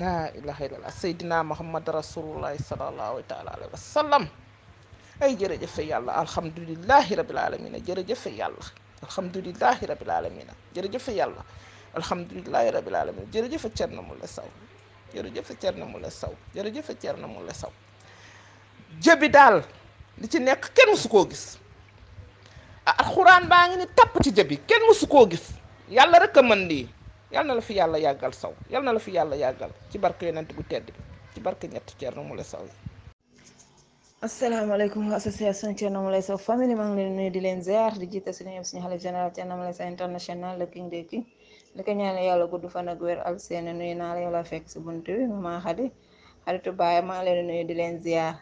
laa ilaha illallah saydina muhammad rasulullahi salallahu taala alayhi wa sallam ay jërëjëfe yàlla alhamdulilahi rabil alamina jërëjëfe yàlla alhamdulilahi rabil alamina jërëjëfe yàlla alhamdulilahi rabil alamina jërëjëfe Thierno Moule Sow jërëjëfe Thierno Moule Sow jërëjëfe Thierno Moule Sow jëbi daal li ci nekk kenn musu koo gis alxuraan baa ngi ni tapp ci jëbi kenn musu koo gis yàlla rek a mën lii yal na la fi yàlla yàggal yàlla ci barke yonent bu tedd bi ci barke ñett Thierno Moule Sow yi. asalaamaaleykum association Thierno Moule Sow famille maa leen nuyu di leen ziar di jiite suñu yëpp suñu xalif général Thierno Moule Sow international le king des kings li ko ñaanal yàlla gudd fa ak wér al seen nuyu naa la yow la fekk si bunt bi maman Khady xaritu baay maa leen nuyu di leen ziar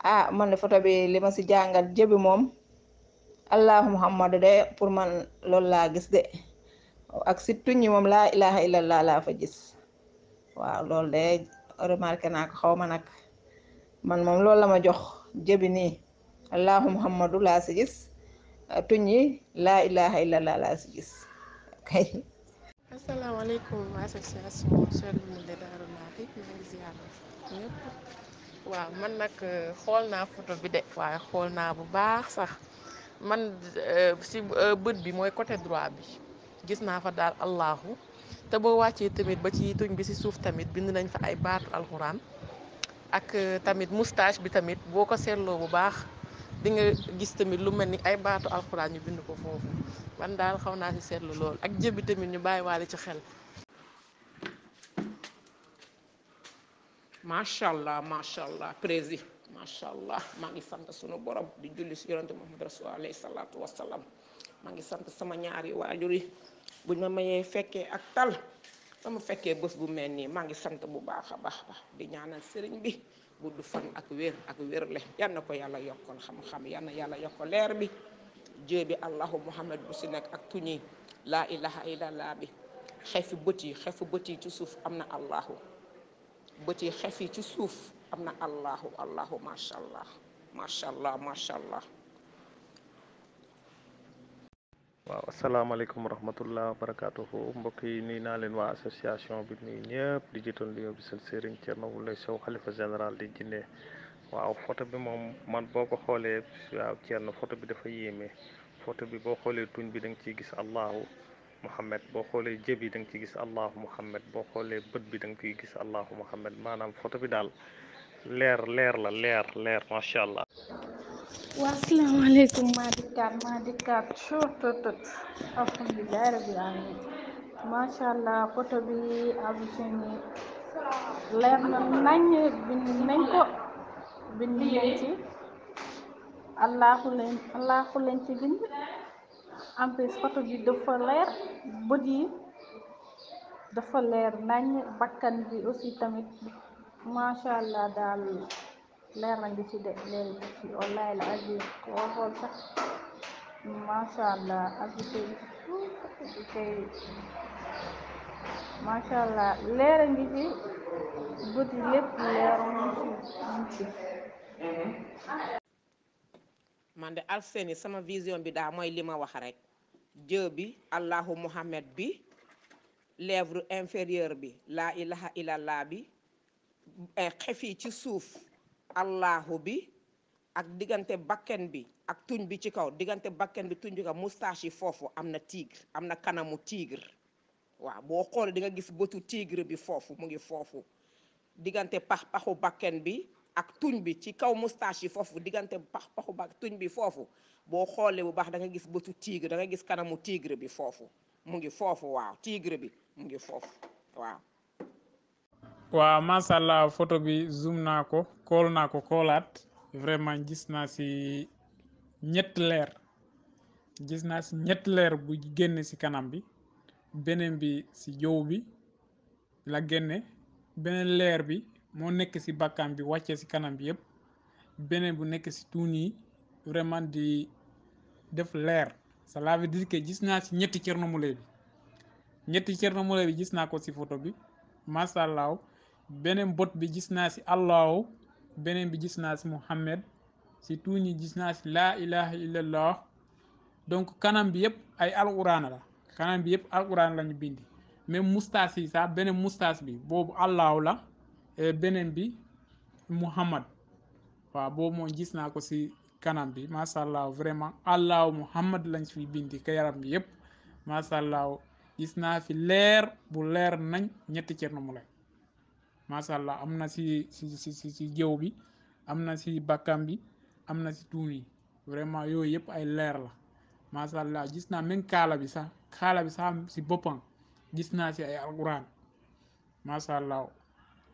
ah man de photo ma si jàngal jëbi moom allahu muhammadu de pour man loolu laa gis de. ak si ñi moom laa ilaha illallah laa fa gis waaw loolu de remarqué naa ko xaw ma nag man moom loolu la ma jox jëbi nii allahu muhammadu laa si gis tuñ yi laa ilaha illallah laa si gis kay asalaamaaleykum man nag euh, xool naa photo bi de waaye xool naa bu baax sax man euh, euh, bët bi mooy côté droit bi gis naa fa daal allahu te boo wàccee tamit ba ci tuñ bi si suuf tamit bind nañ fa ay baatu alxuraan ak euh, tamit moustache bi tamit boo ko seetloo bu baax di nga gis tamit lu mel ni ay baatu alxuraan ñu bind ko foofu man daal xaw naa si seetlu lool ak jëbi tamit ñu bàyyi waale ci xel. macha allah macha allah prési macha allah maa ngi sant sunu borom di julli si yonante Muhammad rasul alayhi maa ngi sant sama ñaari buñ ma mayee fekkee ak tal ba mu fekkee bës bu mel nii maa ngi sant bu baax a baax baax di ñaanal sëriñ bi gudd fan ak wér ak wérle yan na ko yàlla yokkal xam-xam yal na yàlla yokkal leer bi jéebi allahu muhammad bu si nekk ak tuñi laa ilaha illallah bi xefi bët yi xefu bët yi ci suuf am na allahu bët yi xef ci suuf am na allahu allahu macha allah macha allah macha allah waaw asalaamaaleykum wa rahmatullah wa barakaatuhu mbokk yi nuyu naa leen waa association bi nuyu ñëpp di jiital nuyoo bi seen sëriñ na Moule Sow xalifa général di jinne waaw photo bi moom man boo ko xoolee waaw Thierno photo bi dafa yéeme photo bi boo xoolee tuñ bi da nga ciy gis allahu muhammad boo xoolee jëb yi da nga ciy gis allahu muhammad boo xoolee bët bi da nga ciy gis allahu muhammad maanaam photo bi daal leer leer la leer leer macha allah. waa asalaamaaleykum maa dikkaat maa dikkaat soo tot tot alhamdulilah rabbil alamin macha allah photo bi Abdou Dieng leer na nañ bind nañ ko bind nañ ci allahu leen allahu leen ci bind en plus photo bi dafa leer bët yi dafa leer nañ bakkan bi aussi tamit macha allah daal. leer na ngi ci de leer ngi ci wallahi la aziz ko waxoon sax mashallah auditeurs yi kay mashallah leer ngi ci bët lépp leer mu ci man de Alseyni sama vision bi daa mooy lima ma wax rek jë bi allahu muhammad bi lèvre inférieure bi laa ilaha illallah bi eh, xef ci suuf allahu bi ak diggante bakken bi ak tuñ bi ci kaw diggante bakken bi tuñ bi kaw moustache yi foofu am na tigre am na kanamu tigre waaw boo xoolee di nga gis bëtu tigre bi foofu mu ngi foofu diggante pax paxu bakken bi ak tuñ bi ci kaw moustache yi foofu diggante pax paxu ba tuñ bi foofu boo xoolee bu baax da nga gis bëtu tigre da gis kanamu tigre bi foofu mu ngi foofu waaw tigre bi mu ngi foofu waaw waaw photo bi zoom naa ko kool naa ko koolaat vraiment gis naa si ñett leer gis naa si ñett leer bu génne si kanam bi beneen bi si jow bi la génne beneen leer bi moo nekk si bakkan bi wàccee si kanam bi yëpp beneen bu nekk si tuun yi vraiment di def leer cela veut dire que gis naa si ñetti Thierno Moule bi ñetti Thierno Moule bi gis naa ko si photo bi macha allah beneen bot bi gis naa si allahu beneen bi gis naa si Muhammad surtout ñi gis naa si laa ilaha illallah donc kanam bi yëpp ay alquran la kanam bi yëpp alquran lañu bindi même mustaas yi saa beneen mustaas bi boobu allahu la eh, beneen bi Muhammad waaw boobu moom gis naa ko si kanam bi macha allah vraiment allahu Muhammad lañ fi bindi ka bi yëpp macha allah gis naa fi leer bu leer nañ ñetti Thierno Moule macha am na si si si si jëw bi am na si bakkan bi am na si tuun yi vraiment yooyu yëpp ay leer la macha gis naa même kaala bi sax kaala bi sax si boppam gis naa si ay alquran macha allah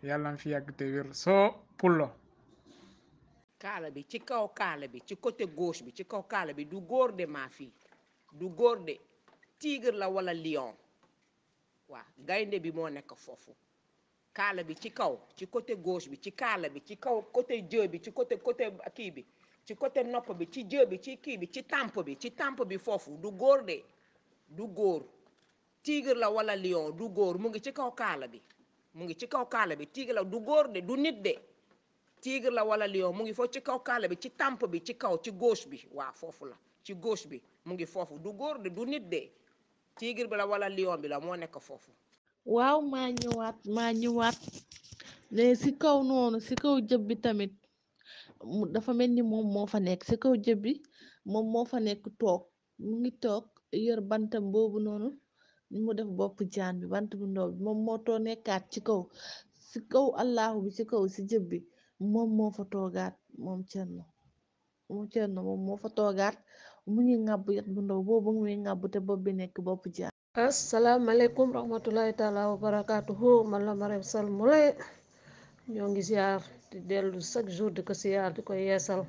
yàlla na fi yàgg te wér soo pullo kaala bi ci kaw kaala bi ci côté gauche bi ci kaw kaala bi du góor de maa fii du góor de tigre la wala lion waaw gaynde bi moo nekk foofu kaala bi ci kaw ci côté gauche bi ci kaala bi ci kaw côté jë bi ci côté côté kii bi ci côté nopp bi ci jë bi ci kii bi ci tàmp bi ci tàmp bi foofu du góor de du góor tigre la wala lion du góor mu ngi ci kaw kaala bi mu ngi ci kaw kaala bi tigre la du góor de du nit de tigre la wala lion mu ngi foofu ci kaw kaala bi ci tàmp bi ci kaw ci gauche bi waa foofu la ci gauche bi mu ngi foofu du góor de du nit de tigre bi la wala lion bi la moo nekk foofu waaw maa ñëwaat maa ñëwaat mais ci kaw noonu ci kaw jëb bi tamit dafa mel ni moom moo fa nekk ci kaw jëb bi moom moo fa nekk toog mu ngi toog yor bantam def bopp jaan bi bant bu ndaw bi moom moo too nekkaat ci kaw si kaw allahu bi ci kaw ci jëb bi moom moo fa toogaat moom Cerno moom moom moo fa toogaat mu ngi ngàbb yet bu ndaw boobu muy ngàbb te bopp bi nekk bopp jaan asalaamaaleykum rahmatullahi taala wa barakaatuhu man la Marème Sall ñoo ngi ziar di dellu chaque jour di ko ziar di ko yeesal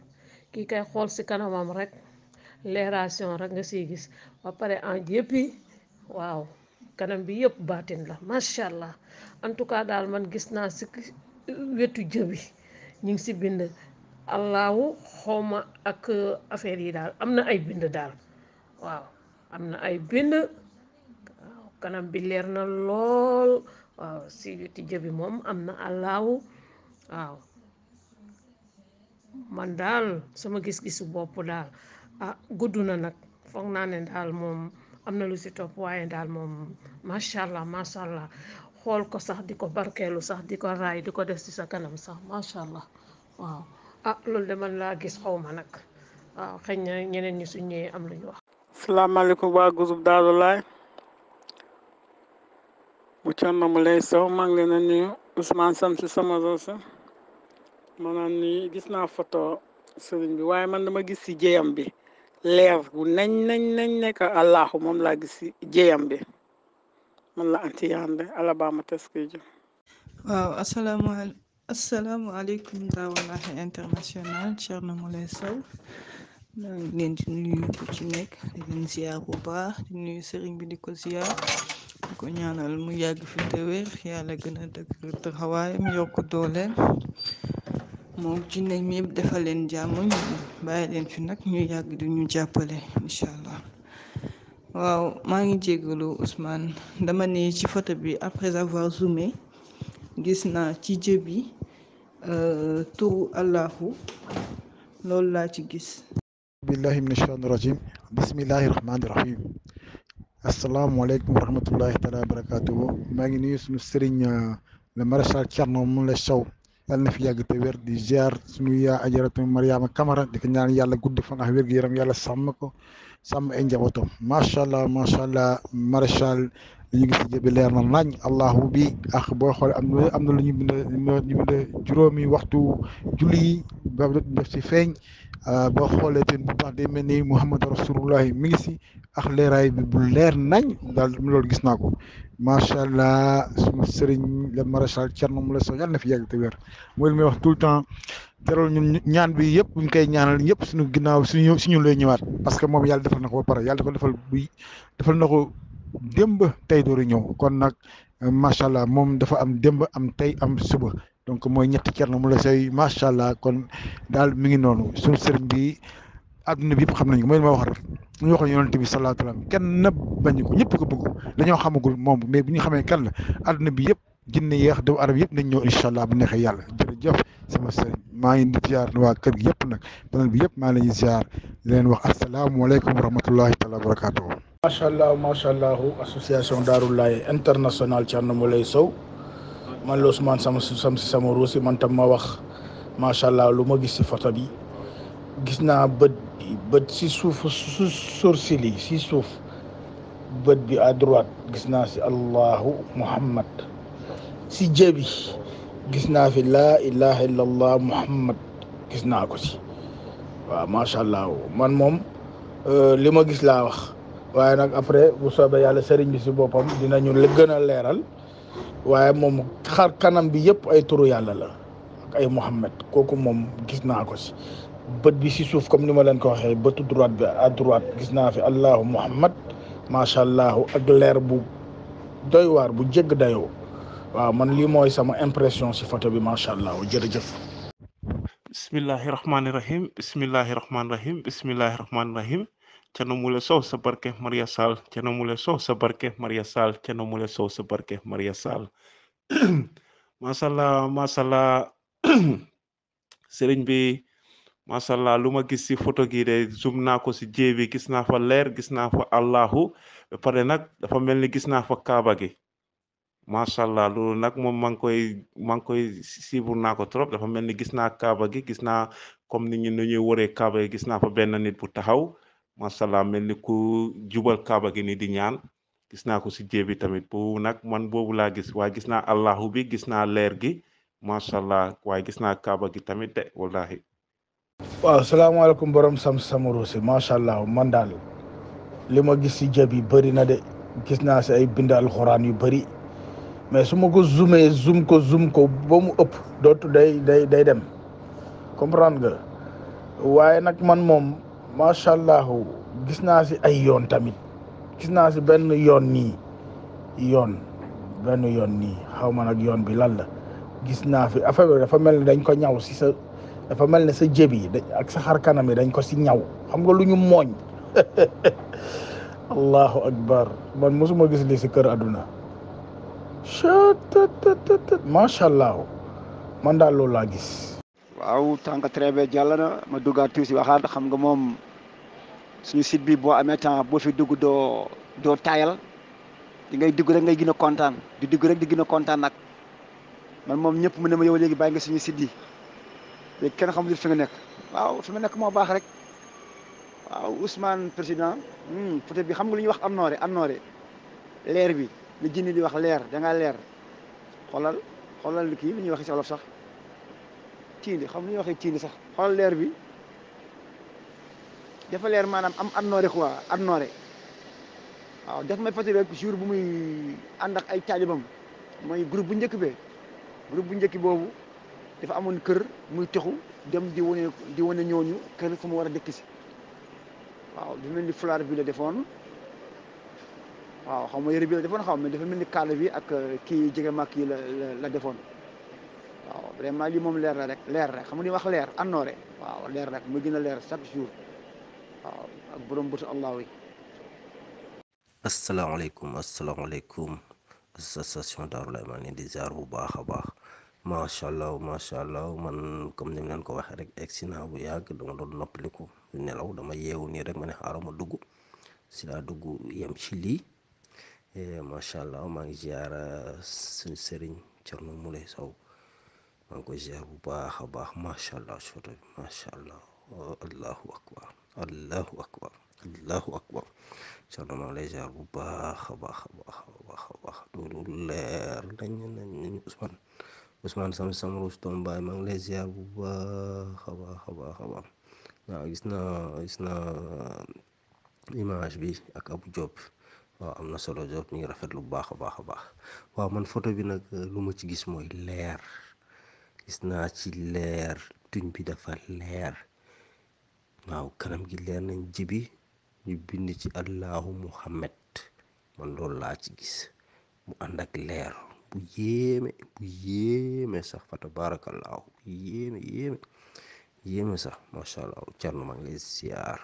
kii kay xool ci kanamam rek leeration rek nga siy gis ba pare en yëpp waaw kanam bi yëpp baatin la macha allah en tout cas daal man gis naa ci wetu jëbi ñu ngi ci bind allahu xawma ak affaire yi daal am na ay bind daal waaw am na ay bind. kanam bi leer na lool waaw si tijja bi moom am na alaaw waaw man daal sama gis-gisu bopp daal ah gudd na nag foog naa ne daal moom am na lu si topp waaye daal moom macha allah macha allah xool ko sax di ko barkeelu sax di ko raay di ko def ci sa kanam sax macha allah waaw ah loolu de man laa gis xaw ma nag waaw xëy na ñeneen ñi su ñëwee am lu ñu wax. salaamaaleykum waa groupe Daroulaye bu càmma mu lay saw maa ngi leen a nuyu Ousmane Sam si sama roose maanaam nii gis naa photo sëriñ bi waaye man dama gis si jéyam bi leer gu nañ nañ nekk allahu moom laa gis si jéyam bi man la anti yande alabama teskeeju waaw asalaamaaleykum asalaamaaleykum daawalahi international Thierno Moulé Sow maa ngi leen di nuyu ku ci nekk di baax di nuyu bi di ko ziar di ko ñaanal mu yàgg fi te yàlla gën a dëgg taxawaayam yokk dooleem moom ci ne mi yëpp defal leen jàmm ñu bàyyi leen fi nag ñu yàgg di ñu jàppale incha allah waaw maa ngi jégalu Ousmane dama ne ci photo bi après avoir zoomé gis naa ci jëbi euh, turu allahu loolu laa ci gis billahi min ashaytan irajim bismillahi asalaamaaleykum wa rahmatullahi taala wa barakaatuhu maa ngi nuyu suñu sëriñ euh, le maréchal Thierno Moule Sow yàlla na fi yàgg te wér di ziar suñu yaa ajaratu Mariama Camara di ko ñaan yàlla gudd fan ak wér gi yaram yàlla sàmm ko sàmm ay njabootam macha allah macha allah maréchal li ñu gis ci jëbi leer na nañ allahu bi ak boo xool am na am na lu ñu bind ñu bind waxtu julli yi ba ci feeñ ah, boo xoolee teen bu baax day mel ni muhammad rasulullahi mi ngi si ak leeraay bi bu leer nañ daal loolu gis naa ko macha allah suñu sëriñ le maréchal Thierno Moule Sow yàlla na fi yàgg te wér mooy li may wax tout le temps terol ñun ñaan bi yëpp buñ koy ñaanal yëpp suñu ginnaaw suñu suñu lay ñëwaat parce que moom yàlla defal na ko ba pare yàlla dafa defal na ko démb tey door ñëw kon nag macha allah moom dafa am démb am tey am suba donc mooy ñett ñetti mu la Sow macha allah kon daal mi ngi noonu suñu sëriñ bi adduna bi yëpp xam nañ mooy ma wax rek ñu waxoon yonent bi sallallahu alayhi wa sallam kenn bañu ko ñëpp ko dañoo xamagul moom mais bi ñu xamee kenn la adduna bi yëpp. ginne yeex de arab yëpp nañ ñëw incha allah bu neexee yàlla jërëjëf sama sëriñ maa ngi di ziar waa kër gi yëpp na panel bi yëpp maa ngi leen di ziar di leen wax asalaamaaleykum wa rahmatullahi taala wa barakaatuhu. macha allah macha allah association Darou Laye international Thierno Moulay Sow man la Ousmane sama sama sama ruusi man tam ma wax macha allah lu ma gis si photo bi gis naa bët bët si suuf su sourcil si suuf bët bi à gis naa si Allahu Muhammad. si jëbi gis naa fi laa ilaha illallah muhammad gis naa ko si waaw macha allah man moom euh, li ma gis laa wax waaye nag après bu soobee yàlla sëriñ bi si boppam dinañu gën a leeral waaye moom xar kanam bi yëpp ay turu yàlla la ak ay muhammad kooku moom gis naa ko si bët bi si suuf comme ni ma leen ko waxee bëtu droite bi à droite gis naa fi allahu muhammad macha allah ak leer bu doy waar bu jégg dayo waaw man lii mooy sama impression si photo bi macha allah jërëjëf. bismillahi rahmaani rahim bismillahi rahmaani rahim bismillahi rahmaani rahim. Sow sa barke Maria Sall Thierno Moule Sow sa barke Maria Sall Thierno Moule bi macha allah lu ma gis si photo gi de zoom naa ko si jéebi gis naa fa leer gis naa fa allahu pare nag dafa mel ni gis naa fa kaaba gi. macha allah loolu nag moom man ngi koy maa ngi siibur naa ko trop dafa mel ni gis naa kaaba gi gis naa comme ni ñu nu ñuy waree kaaba gis naa fa benn nit bu taxaw macha allah mel ni ku jubal kaaba gi ni di ñaan gis naa ko si jéeb bi tamit boobu nag man boobu laa gis waaye gis naa allahu bi gis naa leer gi macha allah waaye gis naa kaaba gi tamit de wallahi waaw salaamaaleykum borom sam samarosi macha allah man daal li gis si jéeb yi bari na de gis naa si ay bind alxuraan yu bari mais su ma ko zoomee zoom ko zoom ko ba mu ëpp dootu day day day dem comprendre nga waaye nag man moom macha allah gis naa si ay yoon tamit gis naa si benn yoon nii yoon benn yoon nii xaw ma nag yoon bi lan la gis naa fi affaire bi dafa mel ni dañ ko ñaw si sa dafa mel ne sa jëb yi ak sa xar kanam yi dañ ko si ñaw xam nga lu ñu mooñ allahu akbar man mosuma gis li si kër àdduna macha allah man daal loolu laa gis. waaw tànk très bien jàll na ma duggaat tuuti waxaat xam nga moom suñu site bi boo amee temps boo fi dugg doo doo taayal di ngay dugg rek ngay gën a kontaan di dugg rek di gën a kontaan nag man moom ñëpp mu ne ma yow léegi bàyyi nga suñu site yi léegi kenn xam fi nga nekk waaw fi ma nekk moo baax rek waaw Ousmane président peut-être hmm, bi xam nga lu ñuy wax am noore am noore leer bi. li jinne di wax leer da leer xoolal xoolal kii li ñuy waxee si sax ciini xam li ñuy waxee ciini sax xoolal leer bi dafa leer maanaam am annoore quoi annoore waaw daf may fàttali rek jour bu muy ànd ak ay taalibam mooy groupe bu njëkk be groupe bu njëkk boobu dafa amoon kër muy texu dem di wane di wane ñooñu kër fu mu war a dëkk si waaw du mel ni fulaar bi la defoon waaw xaw ma yëre bi la defoon xaw ma dafa mel ni kaala bi ak euh, kii jege mag yi la defoon waaw vraiment lii moom leer la rek leer rek xam nga li wax leer annoore waaw leer rek mu gën a leer chaque jour waaw ak borom bëtu allahu wi asalaamaaleykum asalaamaaleykum association Darou Rahmane leen di ziar bu baax a baax macha allah macha allah man comme ni mu leen ko waxee rek egg si naa bu yàgg dama doon noppaliku nelaw dama yeewu nii rek ma ne xaaral ma dugg si laa dugg yem ci lii Eh, macha allah maa ngi ziar suñu sëriñ Thierno Moulay Sow maa ngi bu baax a baax macha allah si macha allah allahu akbar allahu akbar allahu akbar Thierno maa bu baax a baax a baax a baax a baax ngi lay ziar bu baax a bi ak Abu Diop waaw am na solo Diop ñu ngi rafetlu bu baax a baax a baax waaw man foto bi nag euh, lu ma ci gis mooy leer gis naa ci leer tuñ bi dafa leer waaw kanam gi leer nañ jibi ñu bind ci allahu muhammad man loolu laa ci gis mu ànd ak leer bu yéeme bu yéeme sax fa tabaarakallaahu bu yéeme yéeme yéeme sax macha allah Thierno maa ngi lay ziar.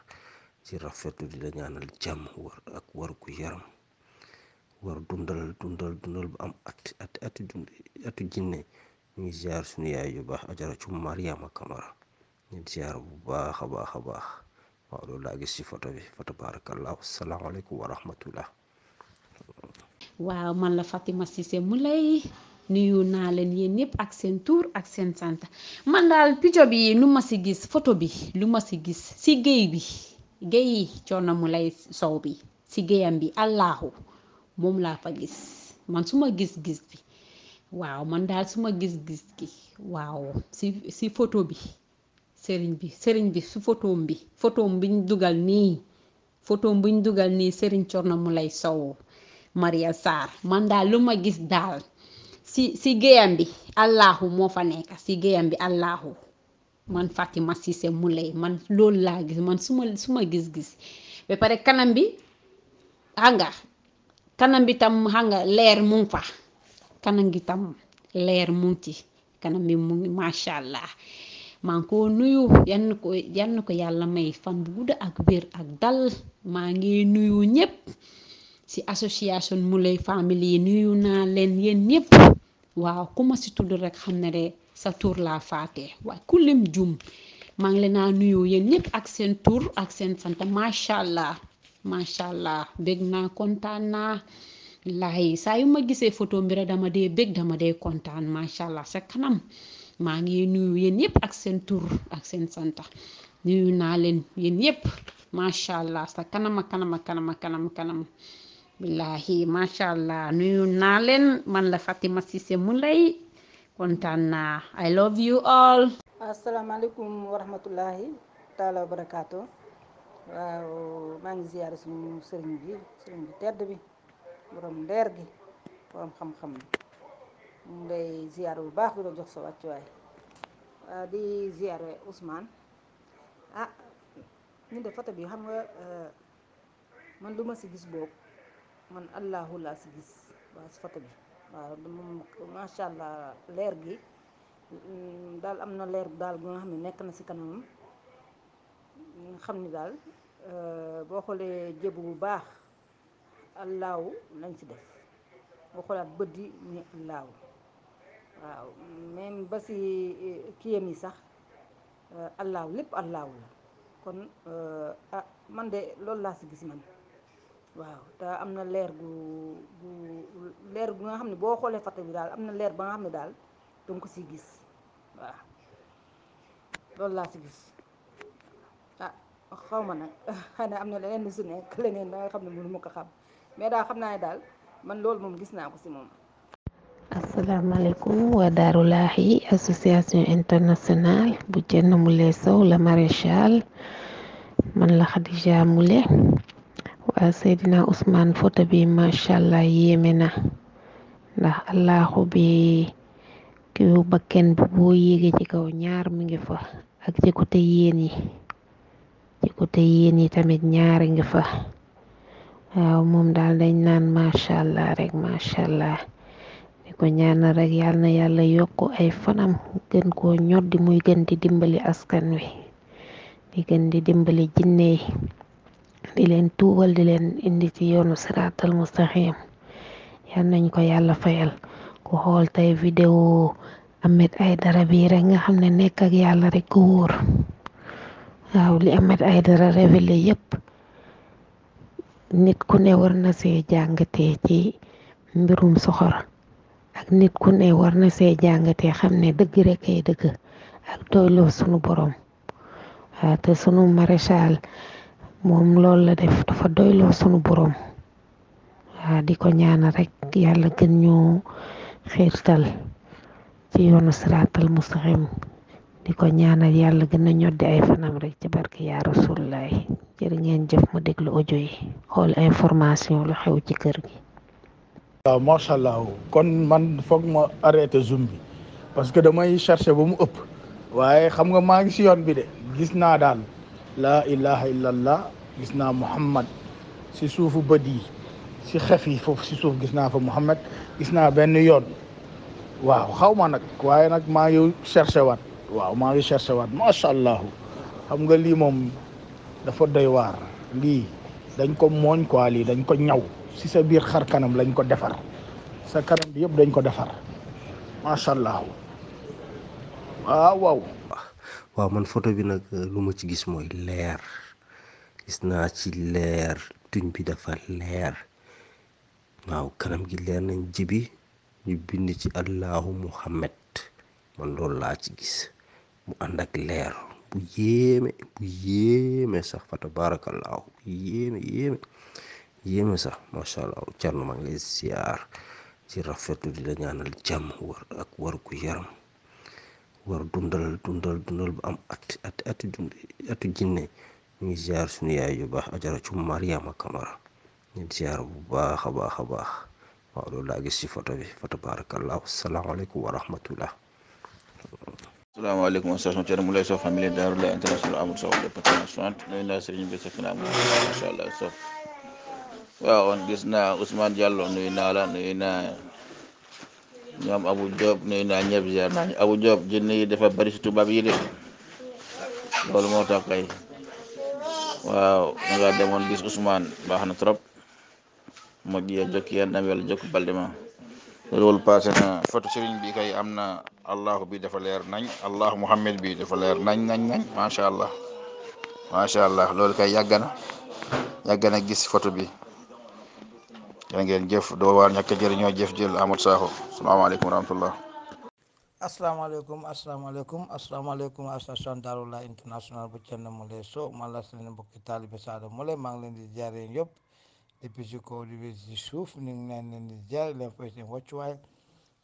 ci rafetlu di la ñaanal jàmm war ak war yaram war dundal dundal dundal bu am ati ati ati jinne ñu ngi suñu yaay yu baax ajara cu Mariama Kamara ñu ziar bu baax a baax a baax waaw loolu laa gis ci photo bi fa tabaarakallaahu salaamaaleykum wa rahmatullah waaw leen yéen ñëpp ak seen tur ak bi lu ma si gis photo bi lu ma si gis si géej bi géyi coono lay sow bi si géyam bi allahu moom laa fa gis man suma gis-gis bi waaw man daal suma gis-gis gi waaw si si photo bi sëriñ bi sëriñ bi si photom bi photom biñ dugal nii photom biñ dugal nii sëriñ coono lay sow Maria Sarr man daal lu ma gis daal si si géyam bi allahu moo fa nekk si géyam bi allahu man Fatima Cissé Moulay man lool laa gis man suma suma gis-gis ba pare kanam bi xanga kanam bi tam xanga leer mu ngi fa kanam gi tam leer mu ci kanam bi mu ngi macha allah maa ngi ko nuyu yan ko ko yàlla may fan bu gudd ak wér ak dal maa ngi nuyu ñëpp ci association Moulay famille yi nuyu naa leen yéen ñëpp waaw ku ma si tudd rek xam ne de. sa tur la faatee waaye ku lim jum maa ngi leen naa nuyoo yéen ak seen tur ak seen sant macha allah macha allah bég naa kontaan naa laay saa yu ma gisee photo bi dama de bég dama de kontaan macha allah sa kanam maa ngi nuyu yéen ñëpp ak seen tur ak seen santa nuyu naa leen yéen ñëpp macha allah sa kanam kanam kanama kanam kanama billaahi allah nuyu naa leen man la Fatima Ceesay Moulay kontaan naa I love you all. asalaamaaleykum wa rahmatullahi taala wa barakaatu maa ngi ziyaare suñu sëriñ bi sëriñ bi tedd bi borom leer xam-xam mu ngay ziyaare bu baax di jox sa wàccuwaay waaw di ziyaare Ousmane ah ñun de photo bi xam nga euh, man duma ma si gis boog man allahu laa si gis waa si bi waaw moom macha allah leer gi mm, daal am na leer daal bu nga xam ne nekk na si kanamam nga xam ni daal euh, boo xoolee jëbu bu baax allaaw lañ si def boo xoolaat bët di ñu allaaw waaw même ba si euh, kiyam yi sax euh, allaaw lépp allaaw la kon ah man de loolu laa si gis man waaw te am na leer gu gu leer gu nga xam ne boo xoolee photo daal am na leer ba nga xam ne daal danga ko si gis waaw loolu laa si gis ah xaw ma nag xanaa am na leneen lu si nekk leneen da nga xam ne mënu ma ko xam mais daal xam naa ne daal man loolu moom gis naa ko si moom. asalaamaaleykum waa Darou Lahi association internationale bu Thierno Moule Sow la maréchal man la Khadija Moule. waa Seydina Ousmane foto bi macha allah yéeme na ndax allahu bi ki bakken bu boo yéege ci kaw ñaar mi ngi fa ak ci côté yéen yi ci côté yéen yi tamit ñaari ngi fa waaw moom daal dañ naan macha allah rek macha allah di ko ñaan rek yal na yàlla yokk ay fanam gën koo ñoddi muy gën di dimbali askan wi di gën di dimbali jinne di leen tuubal di leen indi ci yoonu siraatal mustaqim yal nañ ko yàlla fayal ku xool tey vidéo Ahmed Aidara bi rek nga xam ne nekk ak yàlla rek ko wóor waaw li Ahmed Aidara révélé yépp nit ku ne war na see jàngatee ci mbirum soxor ak nit ku ne war na jàng jàngatee xam ne dëgg rek ay dëgg ak doyloo sunu borom waaw te sunu maréchal moom loolu la def dafa doyloo sunu boroom waa di ko ñaana rek yàlla gën ñu xiirtal ci yoonu siraatal mustaqim di ko ñaanal yàlla gën a ñoddi ay fanam rek ci barke yaa rasulullaay jërë ngeen jëf mu déglu audio yi xool information lu xew ci kër gi. waaw macha allah kon man foog ma arrêté zoom parce que damay cherché ba mu ëpp waaye xam nga maa yoon bi de gis naa daal. laa ilaha illallah gis naa muhammad si suufu bët yi si xef yi foofu si suuf gis naa fa muhammad gis naa benn yoon waaw xaw ma nag waaye nag maa ngi cherché waat waaw maa ngi waat macha allah xam nga lii moom dafa doy waar lii dañ ko mooñ quoi lii dañ ko ñaw si sa biir xar kanam lañ ko defar sa kanam bi yëpp dañ ko defar macha allah waaw waaw man photo bi nag euh, lu ma ci gis mooy leer gis naa ci leer tuñ bi dafa leer waaw kanam gi leer nañ jibi ñu bind ci allahu muhammad man loolu laa ci gis mu ànd ak leer bu yéeme bu yéeme sax fa tabaarakallaahu bu yéeme yéeme sax macha allah Thierno maa ngi lay ziar ci rafetlu di la ñaanal jàmm war ak war yaram war dundal dundal dundal bu am ati ati jinne ñu ngi ziar suñu yaay yu baax ajara ci Mariama Kamara ñu ziar bu baax a baax a baax waaw gis ci photo bi fa tabarakallahu salaamaaleykum wa rahmatullah asalaamaaleykum station Thierno amul Sow lépp international nuyu naa sëriñ bi fekk naa macha allah Sow waaw gis naa Ousmane Diallo nuyu naa la nuyu naa ñoom Abu Diop nuyu naa ñëpp ziar naa Abu Diop jinne yi dafa bari si tubaab yi de loolu moo ta kay waaw da demoon gis Ousmane baax na trop mu jiya jokki yan dam wala jokk balde ma loolu passé na foto sëriñ bi kay am na allahu bi dafa leer nañ allahu muhammad bi dafa leer nañ nañ nañ macha allah macha allah loolu kay yàgg na gis foto bi jërë ngeen jëf doo waar ñàkk jëriñoo jëf jël Amat Sakho salaamaaleykum wa rahmatullah asalaamaaleykum asalaamaaleykum asalaamaaleykum association Daarullah international bu Thierno Moule Sow man la seen mbokki taalibe Saada Moule maa ngi leen di jaaree yëpp depuis si kaw di wér si suuf ñu ngi leen di jaaree leen fay seen wàccuwaay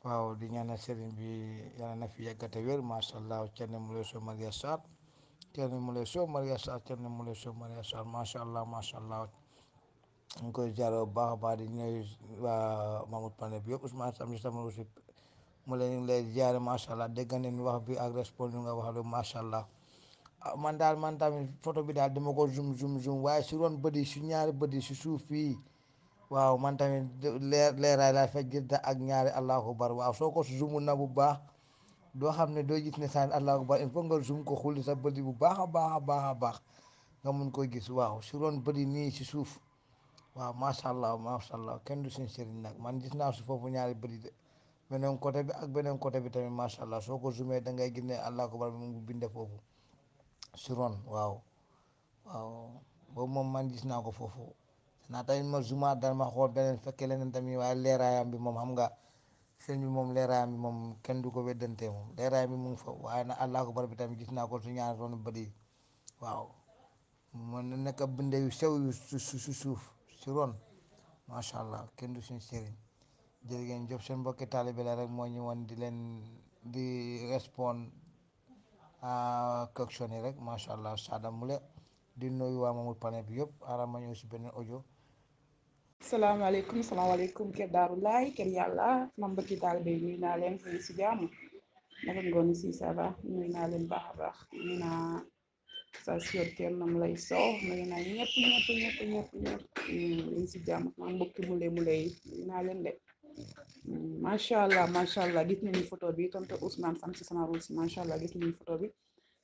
waaw di ñaanal sëriñ bi yàlla na fi yàggate wér macha allah Thierno Moule Sow Maria Sarr Thierno Moule Sow Maria Sarr Thierno Moule Sow Maria Sarr macha allah macha allah. ñu ngi koy ziare bu baax a baax di nuyu waa Mahmoud Pandey bi bi ak respond nga wax loolu ah, man daal man tamit photo bi daal dama ko zoom zoom zoom waaye bët yi suuf fii man tamit leer leeraay laa fekk gis ak ñaari allahu akbar waaw bu baax doo xam ne doo gis ne saan allahu akbar ko xulli sa bët bu baax a baax a baax a baax nga mun koy gis waaw si ron bët nii si suuf. waaw macha allah macha allah kenn du suñ nag man gis naa su foofu ñaari bëri de beneen côté bi ak beneen côté bi tamit macha allah soo ko zoomee da ngay gis ne allah ko bar bi si ron waaw waaw moom man gis naa ko foofu naa tamit ma zoomaa dal ma xool beneen fekkee leneen tamit waaye leeraayam bi moom xam nga sëñ moom leeraayam bi moom kenn du ko weddante moom leeraayam bi mu fa waaye nag allah ko bi tamit gis naa ko su ñaari ron bëri waaw man nekk binde yu sew yu su suuf. si ron macha allah kenn du suñu sëriñ jërë ngeen la rek moo ñu woon di leen di respond question ah, yi rek macha allah Sada Mule di nuyu waa Momar Pané bi yëpp aram ma ñëw si beneen audio. salaamaaleykum salaamaaleykum kër Daaru Laay yàlla sama mbokki taalibe yi nuyu leen fay si jàmm naka ngoon si ça va nuyu leen baax a baax station Kernam lay soow ma ngi naan ñëpp ñëpp ñëpp ñëpp ñëpp mm, liñ si jàmm maa mbokki mu lay mu lay naa leen de mm, macha allah macha allah gis nañu photo bi tonto Ousmane Sam si sama ruus macha allah gis nañu photo bi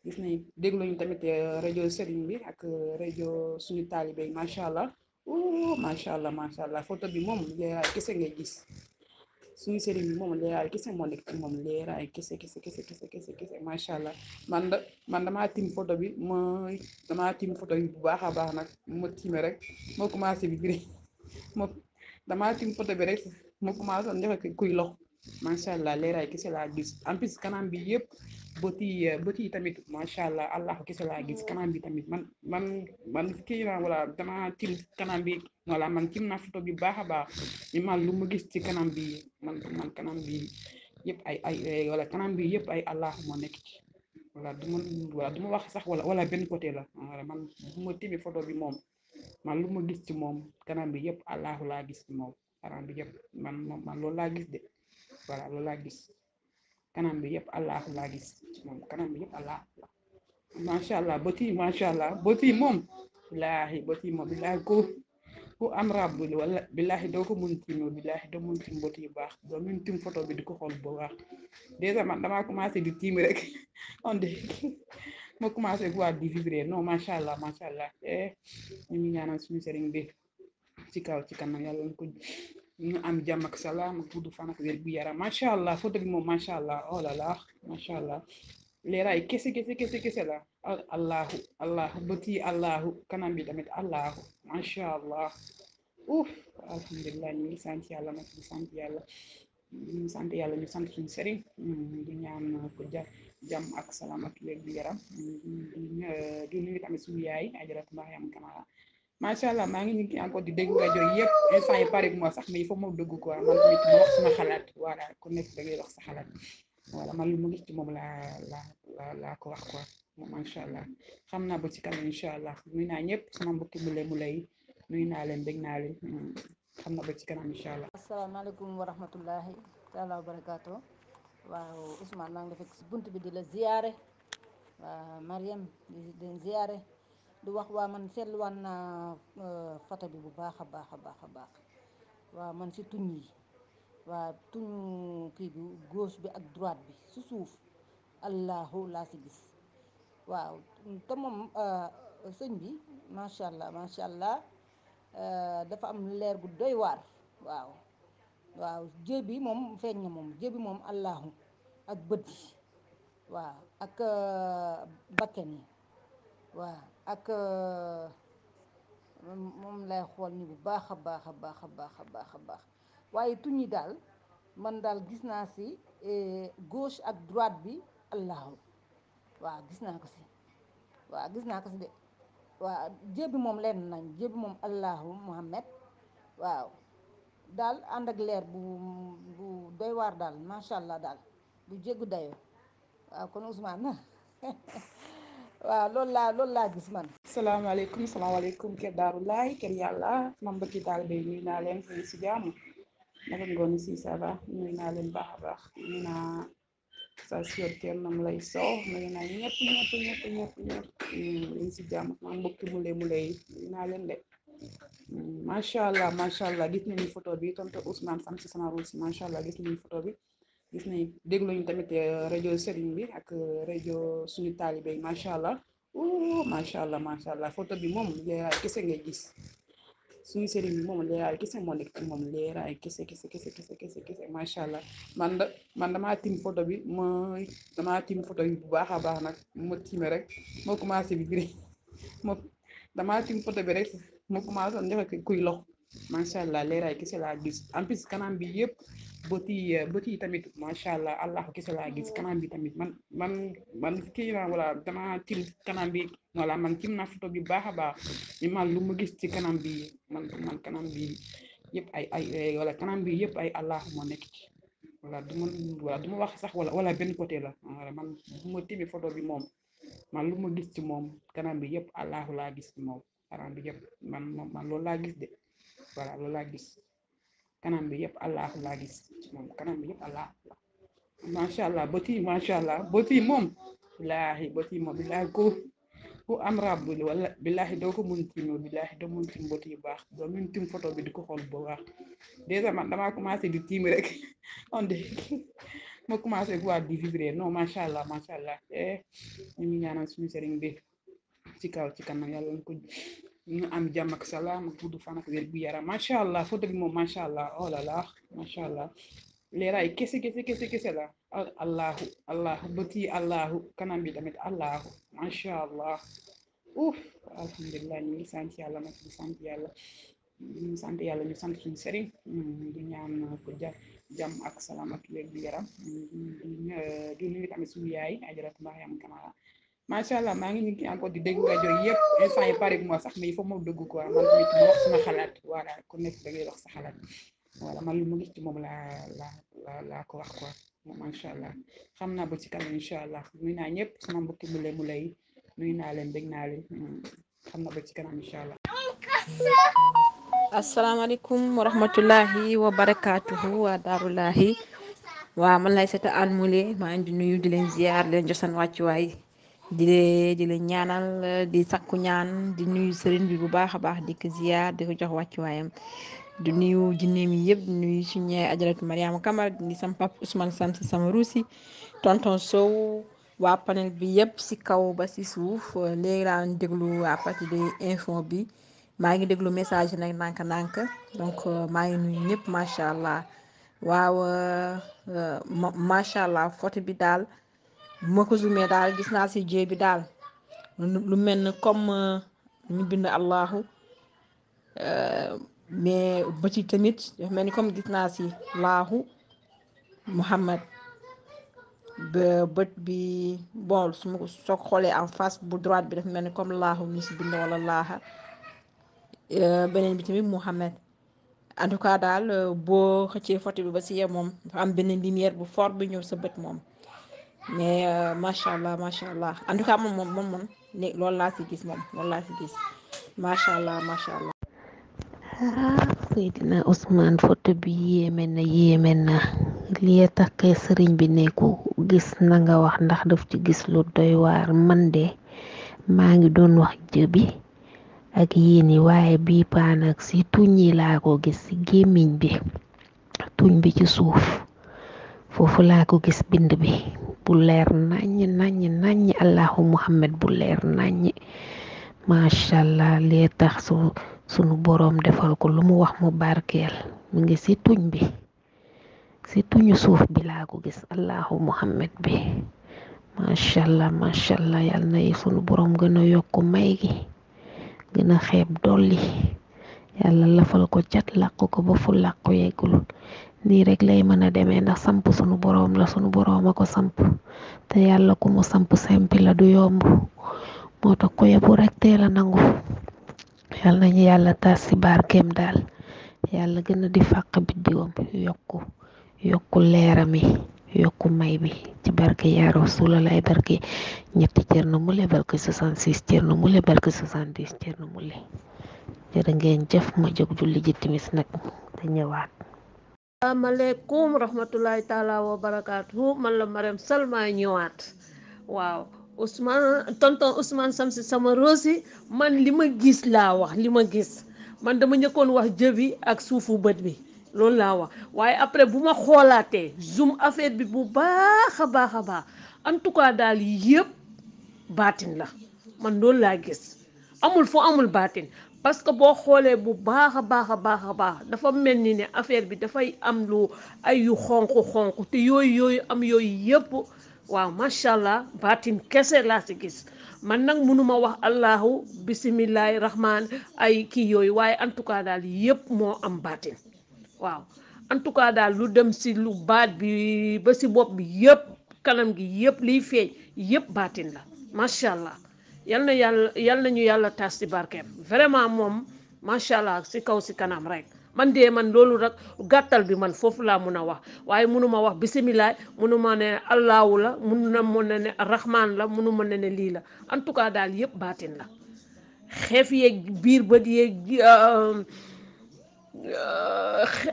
gis nañu dégluñu tamit euh, rajo Serigne bi ak euh, rajo suñu taalibe macha allah macha allah macha allah photo bi moom yaay kese ngay gis. suñu sëriñ bi moom leeraay kese moo nekk ak moom leeraay kese kese kese kese kese kese macha allah man da man damaa tim photo bi ma damaa tim photo bi bu baax a ¿eh? baax nag ma timme rek ma commencé bi biri ma damaa tim photo bi rek ma commencé on def kuy lox macha allah leeraay kese laa gis en plus kanam bi yëpp bët yi bët yi tamit macha allah allahu kese laa gis kanam bi tamit man man man kii naa wala damaa tim kanam bi wala man tim naa photo bi baax a baax ni man lu mu gis ci kanam bi man man kanam bi yëpp ay ay wala kanam bi yëpp ay allahu moo nekk wala du ma wala du ma wax sax wala wala benn côté la man bu ma timi photo bi moom man lu ma gis ci moom kanam bi yëpp allahu laa gis ci moom kanam bi man man loolu laa gis de voilà loolu laa kanam bi yëpp allah laa gis ci moom kanam bi yëpp allah la macha allah bët yi macha allah bët yi moom billaahi bët yi moom ku ku am rab wala billaahi doo ko mun tiim billaahi doo mun tiim bët yu baax doo mun photo bi di ko xool bu baax déjà man damaa commencé di tiim rek on dirait ma commencé voir di vibrer non macha allah macha allah eh, ñu ngi ñaanal suñu sëriñ bi ci kaw ci kanam yàlla ñu am jàmm ak salaam ak gudd fan ak wér gu yaram macha allah photo bi moom macha allah oh là là macha allah leeraay kese kese kese kese la allahu allahu bët yi allahu kanam bi tamit allahu macha allah uuf alhamdulilah ñu ngi sant yàlla nag ñu sant yàlla ñu sant yàlla ñu sant suñu sëriñ di ñaan ko jar jàmm ak salaam ak wér gu yaram di nuyu tamit suñu yaay Ajaratu Mariama Kamara macha allah maa ngi ñu encore di dégg rajo yëpp instant yi pare moo sax mais il faut moom dugg quoi man tamit ma wax sama xalaat xalaat voilà man lu mu moom laa laa ko wax quoi macha allah xam naa ba ci kanam allah nuyu naa ñëpp sama mbokki mu mu lay nuyu naa leen dégg naa leen hmm. xam naa ba ci kanam incha allah. asalaamaaleykum wa rahmatulahi taala wa barakaatu waaw Ousmane maa ngi si bunt bi di la ziyaare Mariam di ziyaare. du wax waa man seetluwaan naa euh, photo bi bu baax a baax a baax a baax waaw man si tuñ yi waaw tuñu kii bi gauche bi ak droite bi si suuf allahu laa si gis waaw te moom euh, sëñ bi macha allah macha allah euh, dafa am leer bu doy waar waaw waaw jë bi moom feeñ na moom jë bi moom allahu ak bët yi waaw ak bakken yi waaw ak euh, moom lay xool ni bu baax a baax a baax a baax a baax a baax waaye tuñ yi daal man daal gis naa si eh, gauche ak droite bi allahu waaw gis naa ko si waa gis naa ko si de waaw jébbi moom lenn nañ jébbi moom allahu muhammad waaw daal ànd ak leer bu bu doy waar daal macha allah daal bu jéggu dayoo waaw kon Ousmane waaw loolu laa loolu laa gis man salaamaaleykum salaamaaleykum kër Daaru Laay kër yàlla sama mbokki taalibe yi nuyu naa leen fay si jàmm naka ngoon si ça va nuyu naa leen baax a baax nuyu naa sa sœur Thierno Moulé Sow nuyu naa ñëpp ñëpp ñëpp ñëpp ñëpp ñu si jàmm maa mbokki Moulé Moulé yi nuyu naa leen de hmm, macha allah macha allah gis nañu photo bi tonton Ousmane Sam si sama ruus macha allah gis nañu photo bi gis nañ déglu ñu tamit euh, rajo Serigne bi ak euh, rajo suñu taalibe yi macha allah macha allah macha allah photo bi moom leeraay kese ngay gis suñu Serigne bi moom leeraay kese moo nekk moom leeraay kese kese kese kese kese macha allah man da man damaa tim photo bi ma damaa tim photo bi bu baax a baax nag ma tiime rek moo commencé bi biri moo tim photo bi rek moo commencé on dirait lox macha allah leeraay kese laa gis en plus kanam bi yëpp. bët yi bët yi tamit macha allah allah kese laa gis mm. kanam bi tamit man man man kii naa wala dama tim kanam bi wala man tim naa photo bi baax a baax ni man lu mu gis ci kanam bi man man kanam bi yëpp ay ay wala kanam bi yëpp ay allah moo nekk wala du ma wala du ma wax sax wala wala benn côté la man bu ma timi photo bi moom man lu ma gis ci moom kanam bi yëpp allah laa gis ci moom bi yëpp man man loolu laa gis de voilà loolu laa kanam bi yëpp allah laa gis ci moom kanam bi yëpp allah la macha allah bët yi macha allah bët yi moom billaahi bët yi moom billaahi ku ku am rab wala billaahi doo mun tim billaahi doo mun tim bët yu baax doo mun tim photo bi di ko xool bu baax déjà man damaa commencé di tim rek on dirait ma commencé voir di vibrer non macha allah macha allah eh ñu ñaanal suñu sëriñ bi ci kaw ci kanam yàlla ñu am jàmm ak salaam ak gudd fan ak wér gu yaram macha allah photo bi moom macha allah oh la la macha allah leeraay kese kese kese kese la allahu allahu bët yi allahu kanam bi tamit allahu macha allah uuf alhamdulilah ñu ngi sant yàlla nag di sant yàlla ñu sant yàlla ñu sant suñu sëriñ di ñaan ko jar jàmm ak salaam ak wér gu yaram di nuyu tamit suñu yaay Ajaratu Mariam Kamara macha allah maa ngi ñu ngi encore di dégg rajo yëpp instant yi pare moo sax mais il faut moom ma wax sama xalaat voilà ku nekk wax sa xalaat moom laa laa ko wax quoi allah xam naa ba ci kanam incha allah nuyu naa ñëpp sama mbokki mu lay mu lay nuyu naa leen dégg naa leen hmm, xam naa ba ci kanam incha allah. asalaamaaleykum wa rahmatulahi wa barakaatuhu wa daarulahi man lay seeta Anne Moulé maa ngi di nuyu di leen ziar di leen seen wàccuwaay. di leen di leen ñaanal di sakku ñaan di nuyu sëriñ bi bu baax a baax di ko di ko jox wàccuwaayam di nuyu jinneem yi yëpp di nuyu suñu ajaratu Mariama Kamara di nuyu sama papa Ousmane Samb sama ruusi tonton Sow waa panel bi yëpp si kaw ba si suuf léegi déglu waa partie de info bi maa ngi déglu message yi nag ndànk-ndànk donc euh, maa ngi nuyu ñëpp macha allah waaw euh, euh, macha allah foot bi daal. bu ma ko zoomee daal gis naa si jee bi daal lu mel ne comme mu euh, bind Allahu euh, mais ba tamit dafa mel ni comme gis naa si laahu mu ba bët bi bon su ma ko xoolee en face bu droite bi dafa mel ni comme laahu ñu si bind wala laaha euh, beneen bi tamit Muhammad en tout cas daal boo xëccee photo bi ba si yem moom am beneen lumière bu fort bi ñëw sa bët moom. mais euh, macha allah macha allah en moom moom moom moom ne laa si gis moom loolu laa si gis macha allah macha allah. Seydina Ousmane photo bi yéeme na yéeme na liy takkee sëriñ bi nekku gis na nga wax ndax daf ci gis lu doy waar man de maa ngi doon wax jëbi ak yéen yi waaye bii paan ak si tuñ yi laa ko gis ci gémmiñ bi tuñ bi ci suuf. foofu laa ko gis bind bi bu leer naññ naññ naññ allahu muhammad bu leer naññ macha lee tax su sunu boroom defal ko lu mu wax mu barkeel mu ngi ci tuñ bi ci tuñu suuf bi laa ko gis allahu muhammad bi macha allah macha allah yal na sunu boroom gën a yokk may gi gën a xeeb dolli yàlla lafal ko cat làq ko ba fu làqu yeggul lii rek lay mën a demee ndax samp suñu boroom la suñu boroom a ko samp te yàlla ko mu samp sempi la du yomb moo tax ko yebu rek teel a nangu yàlla nañu yàlla taas ci barkeem daal yàlla gën a di fàq biddiwam yokku yokku leerami yokku may bi ci barke yaa rasulalay barke ñetti Thierno Moule barke 66 Thierno Moule barke 70 Thierno Moule jërë ngeen jëf ma jóg julli ji timis nag te ñëwaat. maaleykum rahmatullahi taala wa barakaatu man la Marème Salma ñëwaat waaw Ousmane tonton Ousmane Samsi sama rosi man li ma gis laa wax li ma gis man dama njëkkoon wax jëbi ak suufu bët bi loolu laa wax waaye après bu ma xoolaatee zoom affaire bi bu baax a baax a tout cas daal yëpp baatin la man loolu laa gis amul foo amul baatin parce que boo xoolee bu baax a baax a baax a baax dafa mel ni ne affaire bi dafay am lu ay yu xonq xonq te yooyu yooyu am yooyu yëpp waaw macha allah baatin kese laa si gis man nag mënuma wax allahu bisimilahi rahman ay kii yooyu waaye en tout cas daal yëpp moo am baatin waaw en tout cas daal lu dem si lu baat bi ba si bopp bi yëpp kanam gi yëpp liy feeñ yëpp baatin la macha allah. yal na yàlla yal nañu yàlla tas ci barkeem vraiment moom macha allah si kaw si kanam rek man de man loolu rek gàttal bi man foofu laa mun a wax waaye munuma wax bisimilah ma ne allahu la mun na mun ne raxmaan la munuma ne ne lii la en tout cas daal yëpp baatin la xeef yeeg biir bët yeeg si euh,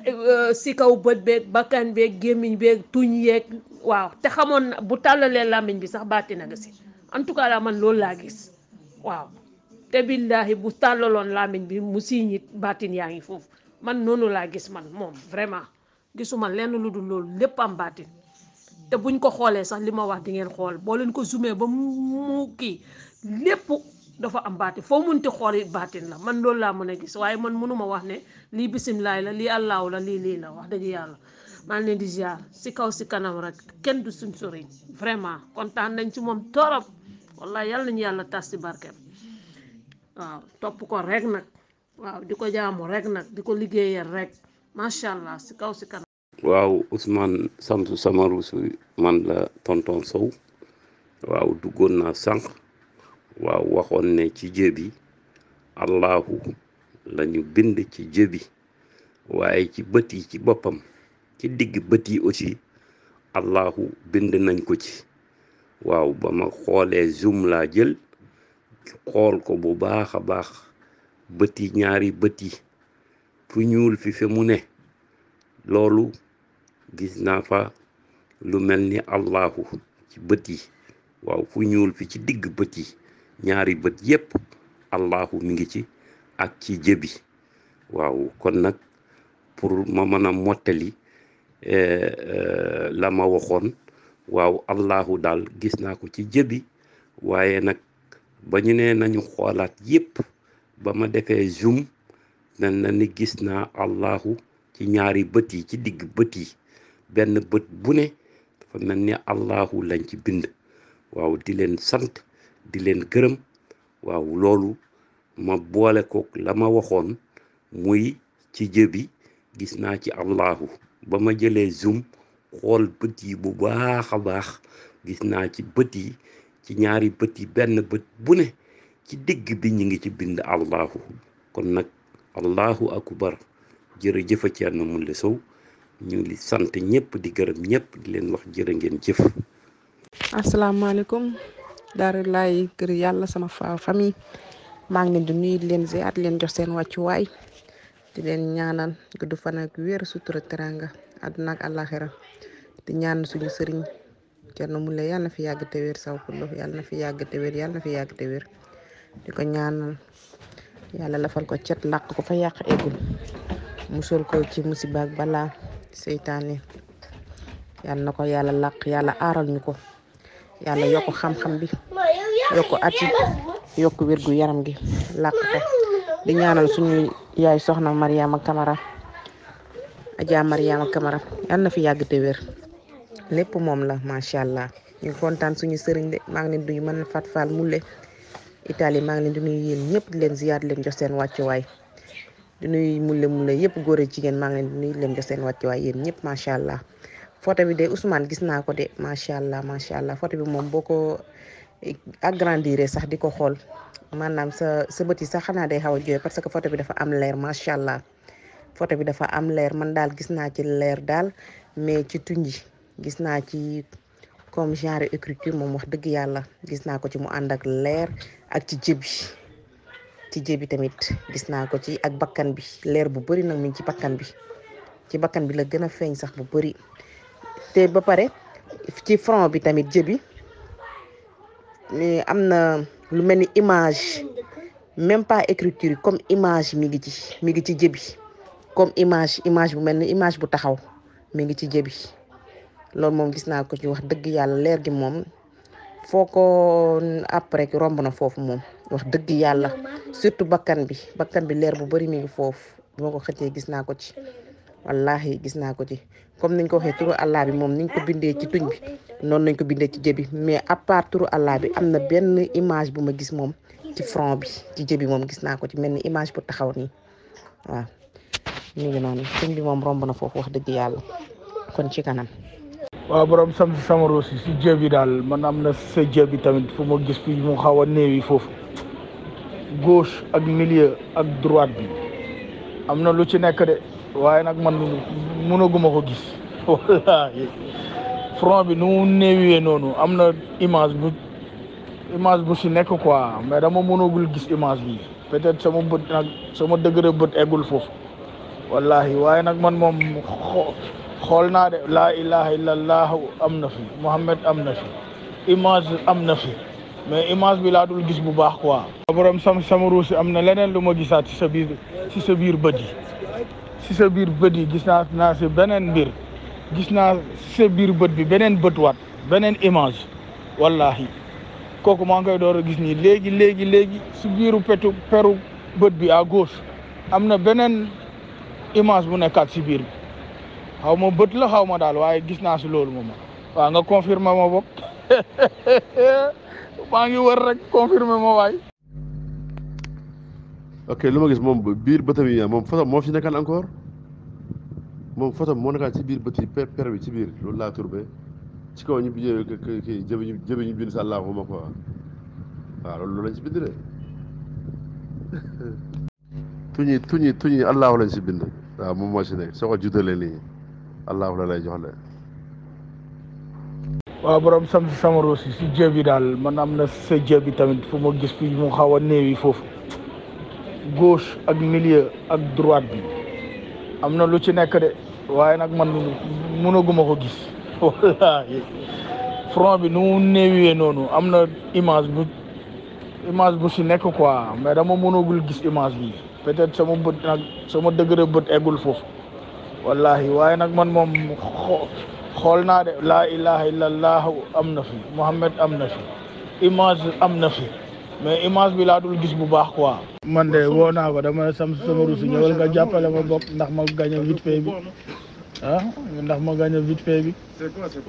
euh, euh, kaw bët beeg bakkan beeg gémmiñ beeg tuñ yeeg waaw te xamoon bu tàllalee làmmiñ bi sax baatin a nga si. en tout cas daal man loolu laa gis waaw te billaahi bu tàllaloon làmmiñ bi mu siiñit baatin yaa ngi foofu man noonu laa gis man moom vraiment gisuma lenn lu dul loolu lépp am baatin te buñ ko xoolee sax li ma wax di ngeen xool boo leen ko zoomé ba mu kii lépp dafa am baatin foo ti xool it baatin la man loolu laa mën a gis waaye man mënuma wax ne lii bisimilaay la lii allahu la lii lii la wax dëgg yàlla maa ngi leen di ziar si kaw si kanam rek kenn du suñ soriñ wallaay yàlla nañu yàlla tas ci barkeem waaw topp ko rek nag waaw di ko jaamu rek nag di ko liggéeyal rek macha allah si kaw si kanam. waaw Ousmane sant sama ruusu man la tonton Sow waaw duggoon naa sànq waaw waxoon ne ci jëbi allahu la ñu bind ci jëbi waaye ci bët yi ci boppam ci digg bët yi aussi allahu bind nañ ko ci. waaw ba ma xoolee zoom laa jël xool ko bu baax a baax bëti ñaari bëti fu ñuul fi fi mu ne loolu gis naa fa lu mel ni allahu ci bët yi waaw fu ñuul fi ci digg bët yi ñaari bët yépp allahu mu ngi ci ak ci jëbi waaw kon nag pour ma mën a mottali eh, eh, la ma waxoon waaw allahu daal gis naa ko ci jëbi waaye nag ba ñu ne nañu xoolaat yépp ba ma defee zoom mel na ni gis naa allahu ci ñaari bët yi ci digg bët yi benn bët bu ne dafa mel ni allahu lañ ci bind waaw di leen sant di leen gërëm waaw loolu ma boole ko la ma waxoon muy ci jëbi gis naa ci allahu ba ma jëlee zoom xool bët yi bu baax a baax gis naa ci bët yi ci ñaari bët yi benn bët bu ci digg bi ñu ngi ci bind allahu kon nag allahu akbar jërëjëf Thierno Moule Sow ñu ngi sant ñëpp di gërëm ñépp di leen wax jërë ngeen jëf. asalaamaaleykum daara laay kër yàlla sama fa famille maa ngi leen di nuyu di leen ziar di leen jox seen wàccuwaay di leen ñaanal gudd fan ak wér sutura teranga àdduna ak di ñaan suñu sëriñ Thierno Moule na fi yàgg te wér saw kullu yàlla na fi yàgg te wér yàlla na fi yàgg te wér di ko ñaanal yàlla lafal ko cet làq ko fa yàq ko ci musiba ak seytaane yàlla na ko yàlla làq yàlla aaral ko yàlla yokk xam-xam bi yokk at yi yokk wér gu yaram gi làq ko di ñaanal suñu yaay soxna Mariama kamara Adja Mariama Camara yàlla na fi yàgg te wér lépp moom la macha allah ñu kontaan suñu sëriñ de maa ngi leen man mën Fat Fall Moule Italie maa ngi leen di nuyu yéen ñëpp leen ziyaar leen jox seen wàccuwaay di nuyu Moule Moule yëpp góor ak jigéen maa ngi leen di nuyu di leen jox seen ñëpp macha allah photo bi de Ousmane gis naa ko de macha allah macha allah photo moom boo ko eh, agrandir sax di ko xool maanaam sa sa bët yi sax xanaa day xaw a jooy parce que photo bi da am leer macha allah photo bi dafa am leer man daal gis naa ci leer daal mais ci tuñ gis naa ci comme genre écriture moom wax dëgg yàlla gis naa ko ci mu ànd ak leer ak ci jëbi ci jëbi tamit gis naa ko ci ak bakkan bi leer bu bëri nag mi ngi ci bakkan bi ci bakkan bi la gën a feeñ sax bu bëri te ba pare ci front bi tamit jëbi am na lu mel ni image même pas écriture comme image mi ngi ci mi ngi ci jëbi comme image image bu mel ni image bu taxaw mi ngi ci jëbi loolu moom gis naa ko ci wax dëgg yàlla leer gi moom foo ko après ki romb na foofu moom wax dëgg yàlla surtout bakkan bi bakkan bi leer bu bari mi ngi foofu bu ko xëccee gis naa ko ci wallahi gis naa ko ci comme niñ ko waxee turu Allah bi moom niñ ko bindee ci tuñ bi noonu nañ ko bindee ci jëbi mais à part turu bi am na image bu ma gis moom ci front bi ci jëbi moom gis naa ko ci mel ni image bu taxaw nii ñu ngi noonu moom romb na foofu wax dëgg yàlla kon ci kanam waa borom sam samaroos si jéeb yi daal man am na sa jéeb yi tamit fu ma gis fi mu xaw a néewi foofu gauche ak milieu ak droit bi am na lu ci nekk de waaye nag man mënaguma ko gis wallaahi front bi nu mu noonu am na image bu image bu si nekk ko mais dama mënagul gis image bi peut-être sama bët nag sama degré bët eggul foofu wallaahi waaye nag man moom xool naa de laa ilaha illallah am na fi Muhammad am na fi image am na fi mais image bi laa dul gis bu baax quoi. borom sam samaru si am na leneen lu ma gisaat si sa biir si sa biir bët yi si sa biir bët yi gis naa naa si beneen mbir gis naa si sa biir bët bi beneen bët waat beneen image wallahi kooku maa ngay door a gis nii léegi léegi léegi si biiru petu peru bët bi à gauche am na beneen image bu nekkaat si biir bi. xaw ma bët la xaw ma daal waaye gis naa si loolu moom waaw nga confirmer ma bopp maa ngi wër rek confirmer ma waay. ok lu ma gis moom biir bëtam yi moom photo moo fi nekkaan encore moom photo moo nekkaan ci biir bët yi per per bi ci biir loolu laa turbe ci kaw ñu bindee kii jëbiñu jëbiñu bind sa allahuma quoi waaw loolu loolu lañ ci bind allahu lañ ci bind waaw moom moo si nekk soo ko jutalee nii. allah la lay jox le waaw borom sam samaro si si bi yi daal man am na sa jéeb yi tamit fu ma gis bi mu xaw a néewi foofu gauche ak milieu ak droit bi am na lu ci nekk de waaye nag man mënaguma ko gis wallaahi front bi nu mu noonu am na image image bu si nekk ko mais dama mënagul gis image bi peut-être sama bët nag sama dëgërë bët eggul foofu wallahi waaye nag man moom xool naa de laa ilaha illallah am na fi Muhammad am na fi image am na fi mais image bi laa dul gis bu baax quoi. man de woo naa ko dama sam sama ruusu ñëwal ma bopp ndax ma gagné vite fait bi ah ndax ma gagné vite fait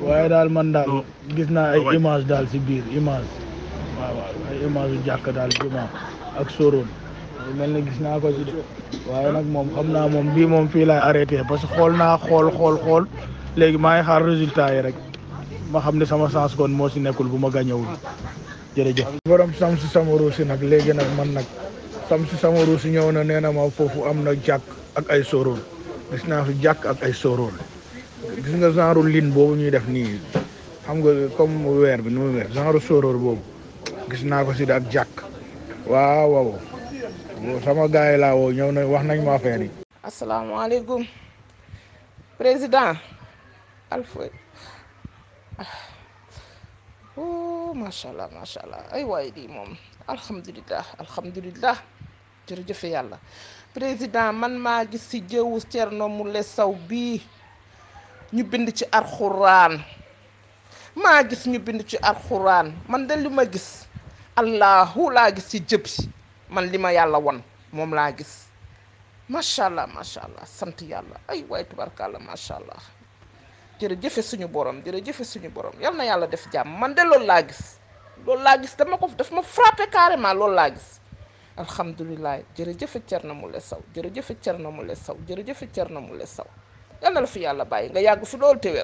waaye daal man daal gis naa ay image daal si biir image waaw ay image yu jàkk daal jumaa ak soroon mel na gis naa ko ci de waaye nag moom xam naa moom bii moom fii laay arrêté parce que xool naa xool xool xool léegi maa ngi xaar résultat yi rek ma xam ne sama chance kon moo si nekkul bu ma gàñëwul jërëjëf borom sam si samaru si nag léegi nag man nag sam si samaru si ñëw na nee na ma foofu am na jàkk ak ay sóoróol gis naa fi jàkk ak ay sóoróol gis nga genre lin boobu ñuy def nii xam nga comme weer bi nu mu weer genre sóoróor boobu gis naa ko si de ak jàkk waaw waaw sama gars yi laa woo ñëw na wax nañ ma affaire yi. asalaamaaleykum président Alpha oh macha allah macha allah ay waay di moom alhamdulilah alhamdulilah jërëjëf yàlla président man maa gis ci jëwu Thierno Moule saw bii ñu bind ci alxuraan maa gis ñu bind ci alxuraan man de li ma gis allahu laa gis ci jëb man li ma yàlla won moom laa gis macha allah macha allah sant yàlla ay waay tubarkàlla macha allah jër jërëjëfe suñu borom jëfe suñu borom yal na yàlla def jàmm man de loolu laa gis loolu laa gis dama ko daf ma frappé carrément loolu laa gis alhamdulilah jërëjëfe Thierno Moule Sow jërëjëfe Thierno Moule Sow jërëjëfe Thierno Moule Sow yal na la fi yàlla bàyyi nga yàgg fi loolu te